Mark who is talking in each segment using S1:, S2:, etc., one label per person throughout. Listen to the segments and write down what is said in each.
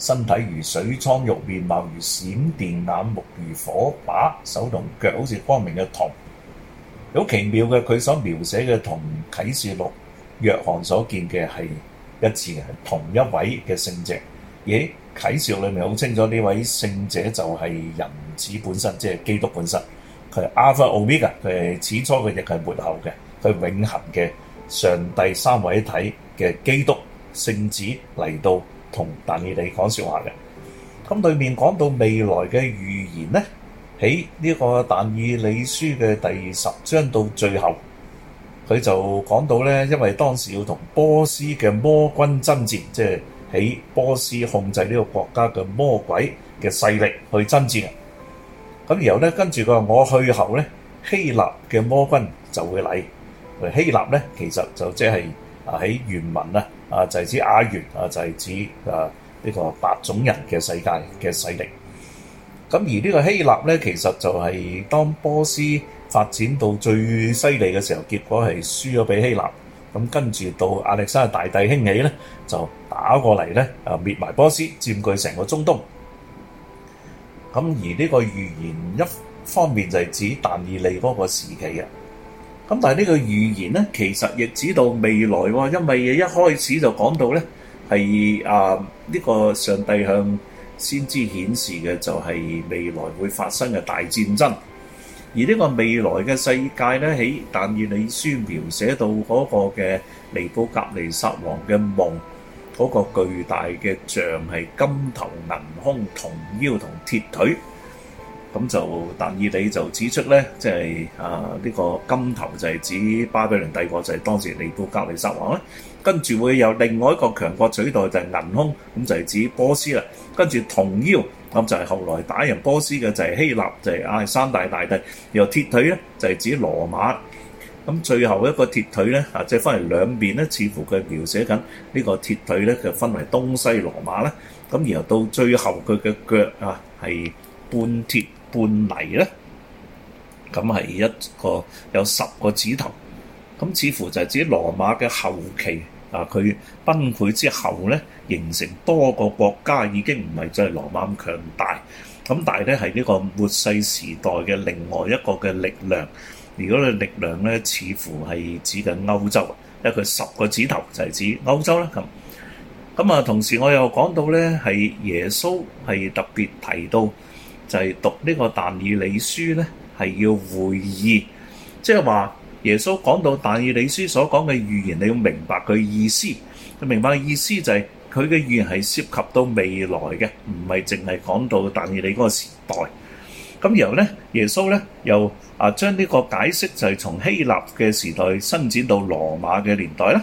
S1: 身體如水蒼玉面，面貌如閃電眼，眼目如火把，手同腳好似光明嘅銅。好奇妙嘅，佢所描寫嘅同啟示錄約翰所見嘅係一致，係同一位嘅聖者。咦？啟示錄裏面好清楚，呢位聖者就係人子本身，即係基督本身。佢係 Alpha Omega，佢係起初佢亦係末後嘅，佢永恆嘅上帝三位一體嘅基督聖子嚟到。同但以理講說話嘅，咁對面講到未來嘅預言咧，喺呢、這個但以理書嘅第十章到最後，佢就講到咧，因為當時要同波斯嘅魔君爭戰，即係喺波斯控制呢個國家嘅魔鬼嘅勢力去爭戰啊。咁然後咧，跟住佢話我去後咧，希臘嘅魔君就會嚟。希臘咧其實就即係。喺原文咧，啊就係指雅完，啊就係指啊呢個白種人嘅世界嘅勢力。咁而呢個希臘咧，其實就係當波斯發展到最犀利嘅時候，結果係輸咗俾希臘。咁跟住到亞歷山大帝興起咧，就打過嚟咧，啊滅埋波斯，佔據成個中東。咁而呢個預言一方面就係指但以理嗰個時期嘅。咁但係呢個預言咧，其實亦指到未來喎，因為一開始就講到咧係啊呢個上帝向先知顯示嘅就係未來會發生嘅大戰爭，而呢個未來嘅世界咧，喺但以理書描寫到嗰個嘅尼布甲尼撒王嘅夢，嗰個巨大嘅像係金頭銀胸、銅腰同鐵腿。咁就但以理就指出咧，即係啊呢、這個金頭就係指巴比倫帝國，就係、是、當時尼布甲尼撒王啦。跟住會有另外一個強國取代就銀，就係銀胸，咁就係指波斯啦。跟住銅腰，咁就係後來打贏波斯嘅就係希臘，就係、是、啊三大大帝。然後鐵腿咧就係、是、指羅馬。咁最後一個鐵腿咧啊，即、就、係、是、分嚟兩邊咧，似乎佢描寫緊呢個鐵腿咧，佢分為東西羅馬啦。咁然後到最後佢嘅腳啊係半鐵。半嚟咧，咁係一個有十個指頭，咁似乎就係指羅馬嘅後期啊，佢崩潰之後咧，形成多個國家，已經唔係真係羅馬咁強大。咁但係咧，係呢個末世時代嘅另外一個嘅力量。而嗰個力量咧，似乎係指緊歐洲，因為佢十個指頭就係指歐洲啦。咁咁啊，同時我又講到咧，係耶穌係特別提到。就係讀呢個但以理書咧，係要會意，即係話耶穌講到但以理書所講嘅預言，你要明白佢意思。明白嘅意思就係佢嘅預言係涉及到未來嘅，唔係淨係講到但以理嗰個時代。咁然後咧，耶穌咧又，啊將呢個解釋就係從希臘嘅時代伸展到羅馬嘅年代啦。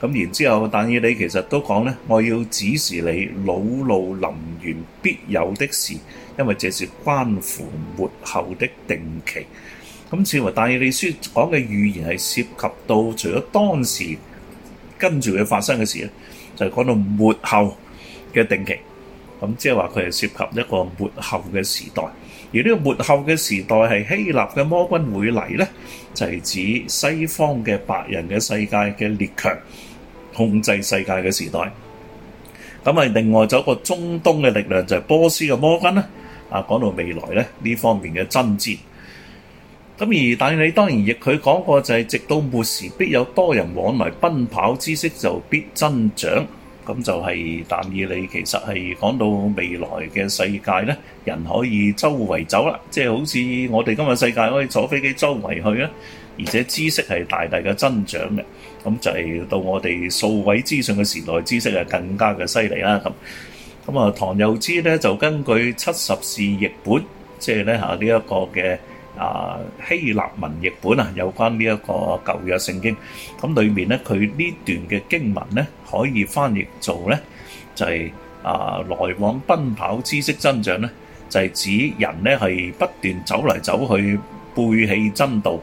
S1: 咁然之後，但以理其實都講咧，我要指示你，惱怒臨完必有的事。因為這是關乎末後的定期，咁似話但以理書講嘅預言係涉及到除咗當時跟住佢發生嘅事，就係講到末後嘅定期，咁即係話佢係涉及一個末後嘅時代。而呢個末後嘅時代係希臘嘅魔君會嚟咧，就係指西方嘅白人嘅世界嘅列強控制世界嘅時代。咁咪另外就有個中東嘅力量就係波斯嘅魔君啦。啊，講到未來咧，呢方面嘅真戰，咁而但以理當然亦佢講過就係、是，直到末時必有多人往來奔跑，知識就必增長。咁就係但以理其實係講到未來嘅世界咧，人可以周圍走啦，即係好似我哋今日世界可以坐飛機周圍去啊，而且知識係大大嘅增長嘅，咁就係到我哋數位資訊嘅時代，知識係更加嘅犀利啦咁。咁啊，唐佑之咧就根據七十士譯本，即係咧嚇呢一個嘅啊希臘文譯本啊，有關呢一個舊約聖經。咁裏面咧，佢呢段嘅經文咧，可以翻譯做咧就係啊來往奔跑知識增長咧，就係指人咧係不斷走嚟走去背棄真道，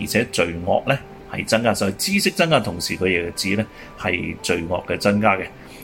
S1: 而且罪惡咧係增加，所以知識增加同時，佢亦係指咧係罪惡嘅增加嘅。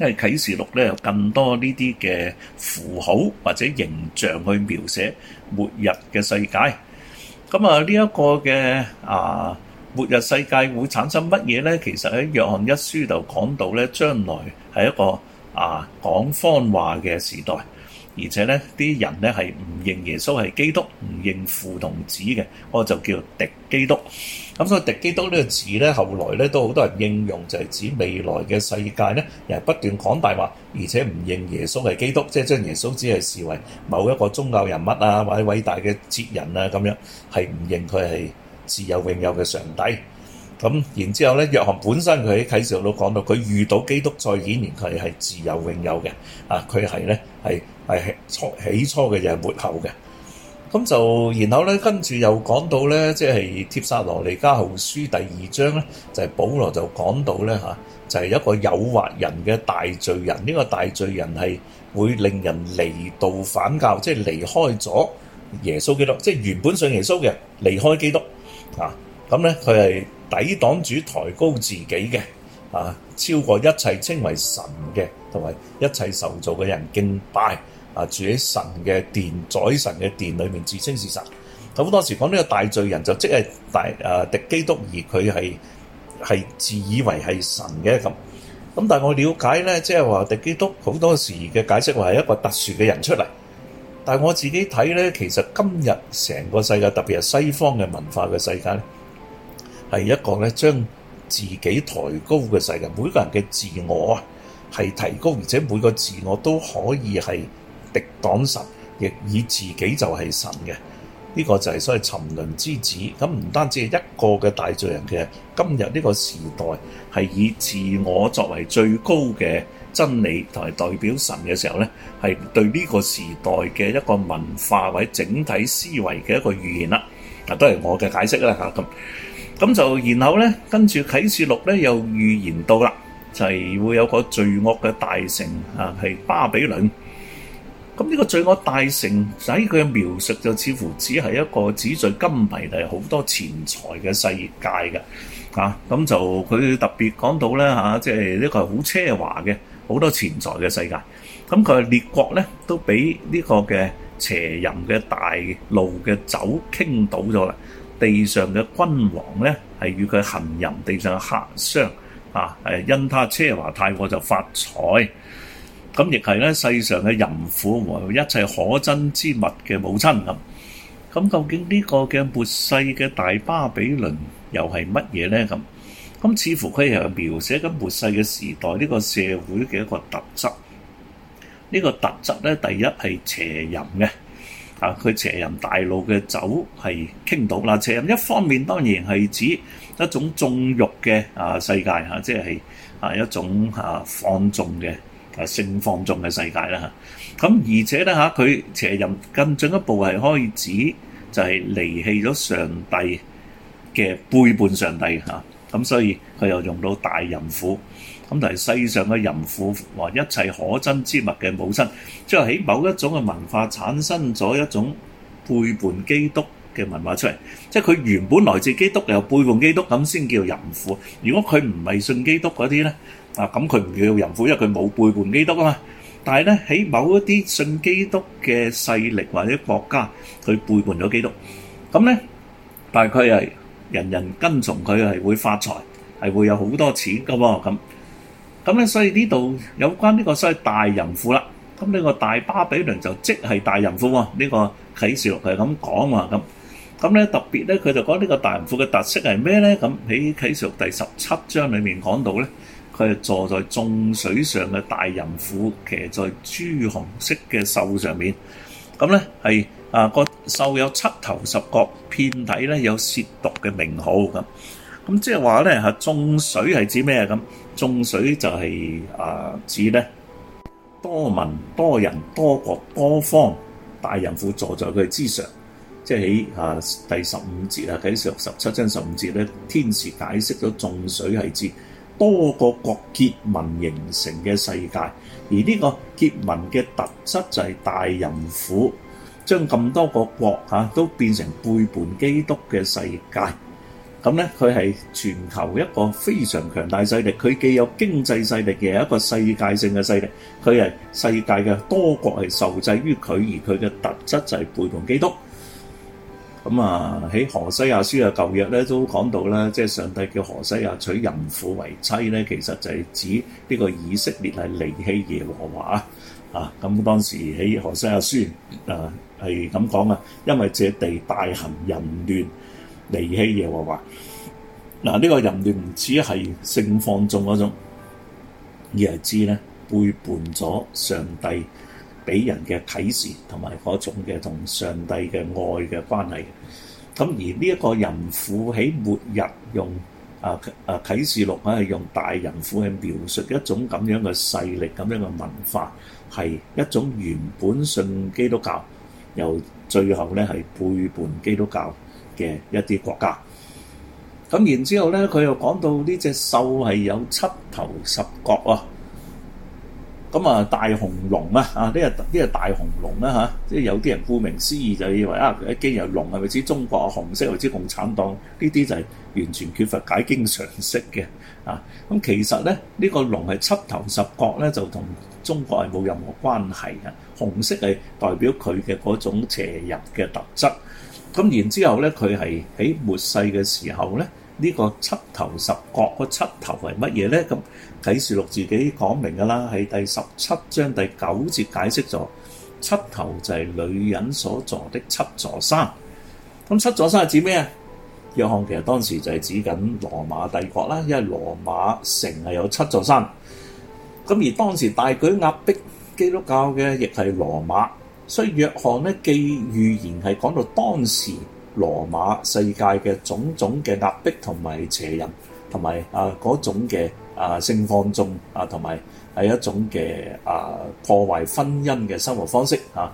S1: 因為啟示錄咧有更多呢啲嘅符號或者形象去描寫末日嘅世界。咁啊，呢一個嘅啊末日世界會產生乜嘢咧？其實喺約翰一書就講到咧，將來係一個啊講方話嘅時代。而且咧，啲人咧係唔認耶穌，係基督，唔認父同子嘅，我就叫敵基督。咁所以敵基督呢個字咧，後來咧都好多人應用，就係指未來嘅世界咧，又係不斷講大話，而且唔認耶穌，係基督，即係將耶穌只係視為某一個宗教人物啊，或者偉大嘅哲人啊咁樣，係唔認佢係自有永有嘅上帝。咁然之後咧，約翰本身佢喺啟示錄講到，佢遇到基督再顯現，佢係自有永有嘅。啊，佢係咧係。係初起初嘅嘢，是末後嘅。咁就然後咧，跟住又講到咧，即係帖撒羅尼迦後書第二章咧，就係、是、保羅就講到咧嚇、啊，就係、是、一個誘惑人嘅大罪人。呢、這個大罪人係會令人離道反教，即係離開咗耶穌基督，即係原本信耶穌嘅離開基督啊。咁咧佢係抵擋主抬高自己嘅啊，超過一切稱為神嘅同埋一切受造嘅人敬拜。啊！住喺神嘅殿，在神嘅殿裏面自稱是神。好多時講呢個大罪人就即係大啊，敵基督，而佢係係自以為係神嘅。咁。咁但係我了解咧，即係話敵基督好多時嘅解釋話係一個特殊嘅人出嚟。但係我自己睇咧，其實今日成個世界特別係西方嘅文化嘅世界呢，係一個咧將自己抬高嘅世界，每個人嘅自我係、啊、提高，而且每個自我都可以係。敵擋神，亦以自己就係神嘅。呢、這個就係所謂沉淪之子。咁唔單止係一個嘅大罪人嘅，今日呢個時代係以自我作為最高嘅真理同埋代表神嘅時候咧，係對呢個時代嘅一個文化或者整體思維嘅一個預言啦。嗱，都係我嘅解釋啦吓。咁咁就然後咧，跟住啟示錄咧又預言到啦，就係、是、會有個罪惡嘅大城啊，係巴比倫。咁呢個罪惡大城喺佢嘅描述就似乎只係一個紙醉金迷同好多錢財嘅世界嘅，嚇、啊、咁就佢特別講到咧，即係呢個係好奢華嘅，好多錢財嘅世界。咁、啊、佢列國咧都俾呢個嘅邪淫嘅大路嘅酒傾倒咗啦。地上嘅君王咧係與佢行淫，地上嘅客商嚇誒、啊、因他奢華太過就發財。咁亦係咧，世上嘅淫婦和一切可憎之物嘅母親咁。咁究竟呢個嘅末世嘅大巴比倫又係乜嘢咧？咁咁似乎佢係描寫緊末世嘅時代呢個社會嘅一個特質。呢個特質咧，第一係邪淫嘅啊，佢邪淫大路嘅酒係傾倒啦。邪淫一方面當然係指一種縱欲嘅啊世界啊，即係啊一種啊放縱嘅。啊！性放縱嘅世界啦嚇，咁而且咧嚇，佢邪淫更進一步係開始就係離棄咗上帝嘅背叛上帝嚇，咁所以佢又用到大淫婦，咁但係世上嘅淫婦和一切可憎之物嘅母親，即係喺某一種嘅文化產生咗一種背叛基督嘅文化出嚟，即係佢原本來自基督又背叛基督咁先叫淫婦，如果佢唔係信基督嗰啲咧。啊，咁佢唔叫淫婦，因為佢冇背叛基督啊嘛。但係咧，喺某一啲信基督嘅勢力或者國家，佢背叛咗基督。咁咧，大概係人人跟從佢係會發財，係會有好多錢噶噃。咁咁咧，所以呢度有關呢個所謂大淫婦啦。咁呢個大巴比倫就即係大淫婦喎。呢個啟示錄佢係咁講喎咁。咁咧特別咧，佢就講呢個大淫婦嘅特色係咩咧？咁喺啟示錄第十七章裡面講到咧。佢係坐在眾水上嘅大淫婦，騎在朱紅色嘅獸上面。咁咧係啊個獸有七頭十角，遍體咧有褻瀆嘅名號。咁咁即係話咧嚇眾水係指咩啊？咁眾水，水就係、是、啊指咧多民多人多國多方大淫婦坐在佢之上。即係喺啊第十五節啊喺上十,十七章十五節咧，天使解釋咗眾水係指多個國結盟形成嘅世界，而呢個結盟嘅特質就係大淫婦，將咁多個國吓都變成背叛基督嘅世界。咁呢，佢係全球一個非常強大勢力，佢既有經濟勢力，亦有一個世界性嘅勢力。佢係世界嘅多國係受制於佢，而佢嘅特質就係背叛基督。咁啊，喺、嗯、何西亞書啊，舊約咧，都講到啦，即係上帝叫何西亞娶淫婦為妻咧，其實就係指呢個以色列係離棄耶和華啊！咁當時喺何西亞書啊係咁講啊，因為這地大行淫亂，離棄耶和華。嗱、啊，呢、這個淫亂唔止係性放縱嗰種，而係知咧背叛咗上帝。俾人嘅啟示同埋嗰種嘅同上帝嘅愛嘅關係，咁而呢一個淫婦喺末日用，啊啊啟示錄啊，用大淫婦去描述一種咁樣嘅勢力、咁樣嘅文化，係一種原本信基督教，又最後咧係背叛基督教嘅一啲國家。咁然之後咧，佢又講到呢隻獸係有七頭十角啊！咁啊，大紅龍啊，啊，呢、這個呢、這個大紅龍啦嚇，即、啊、係、就是、有啲人顧名思義就以為啊，佢一經有龍係咪知中國啊紅色，或者共產黨呢啲就係完全缺乏解經常識嘅啊！咁其實咧，呢、這個龍係七頭十角咧，就同中國係冇任何關係嘅。紅色係代表佢嘅嗰種邪淫嘅特質。咁然之後咧，佢係喺末世嘅時候咧。呢個七頭十角個七頭係乜嘢咧？咁啟示錄自己講明㗎啦，喺第十七章第九節解釋咗七頭就係女人所坐的七座山。咁七座山係指咩啊？約翰其實當時就係指緊羅馬帝國啦，因為羅馬城係有七座山。咁而當時大舉壓迫基督教嘅，亦係羅馬。所以約翰咧既預言係講到當時。羅馬世界嘅種種嘅壓迫同埋邪淫，同埋啊嗰種嘅啊性放縱啊，同埋係一種嘅啊破壞婚姻嘅生活方式啊。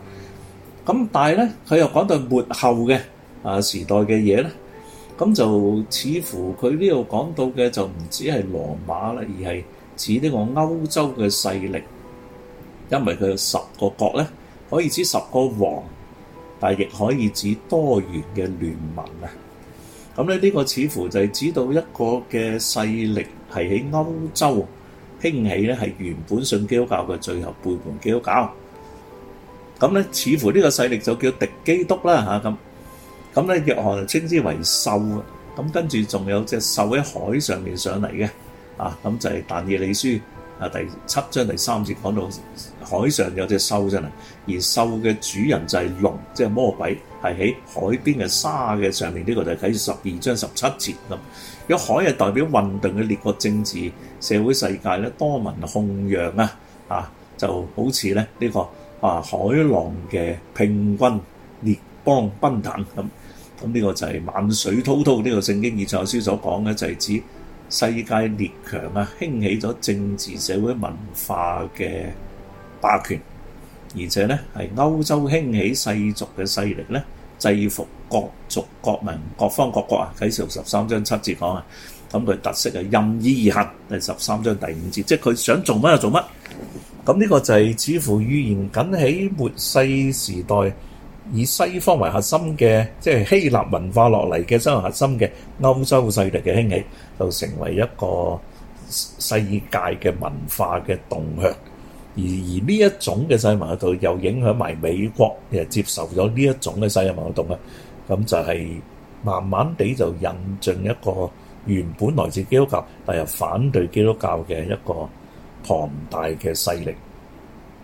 S1: 咁但係咧，佢又講到末後嘅啊時代嘅嘢咧，咁就似乎佢呢度講到嘅就唔止係羅馬啦，而係指呢個歐洲嘅勢力，因為佢有十個國咧，可以指十個王。但係亦可以指多元嘅聯盟啊！咁咧呢個似乎就係指到一個嘅勢力係喺歐洲興起咧，係原本信基督教嘅最後背叛基督教。咁咧似乎呢個勢力就叫敵基督啦嚇咁。咁咧約翰就稱之為獸啊！咁跟住仲有隻獸喺海上面上嚟嘅啊！咁就係但以理書。啊！第七章第三節講到海上有隻獸真係，而獸嘅主人就係龍，即係魔鬼，係喺海邊嘅沙嘅上面。呢、這個就係十二章十七節咁。如果海係代表混沌嘅列國政治社會世界咧，多民鬨嚷啊，啊就好似咧呢個啊海浪嘅匉訇列邦奔騰咁。咁呢個就係、是、萬水滔滔呢、這個聖經以賽亞書所講嘅就係、是、指。世界列強啊，興起咗政治、社會、文化嘅霸權，而且咧係歐洲興起世俗嘅勢力咧，制服各族、各民、各方、各國啊。啟示錄十三章七節講啊，咁、啊、佢特色係，任意而行。第十三章第五節，即係佢想做乜就做乜。咁呢個就係似乎預言緊喺末世時代，以西方為核心嘅，即係希臘文化落嚟嘅，作為核心嘅歐洲勢力嘅興起，就成為一個世界嘅文化嘅動向。而而呢一種嘅勢力喺度，又影響埋美國，誒接受咗呢一種嘅西文運動啊。咁就係慢慢地就引進一個原本來自基督教，但又反對基督教嘅一個龐大嘅勢力。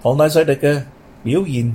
S1: 龐大勢力嘅表現。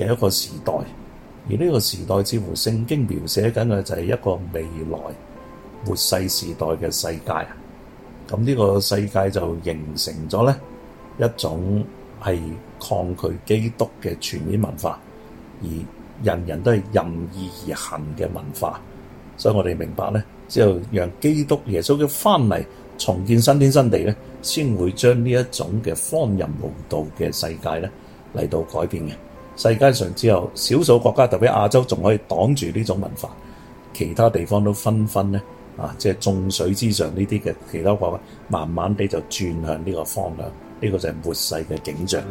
S1: 嘅一個時代，而呢個時代似乎聖經描寫緊嘅就係一個未來末世時代嘅世界啊。咁呢個世界就形成咗咧一種係抗拒基督嘅全面文化，而人人都係任意而行嘅文化。所以我哋明白咧，只有讓基督耶穌嘅翻嚟重建新天新地咧，先會將呢一種嘅荒淫無道嘅世界咧嚟到改變嘅。世界上只有少數國家，特別亞洲，仲可以擋住呢種文化，其他地方都紛紛呢，啊，即係眾水之上呢啲嘅其他國家，慢慢地就轉向呢個方向，呢、這個就係末世嘅景象。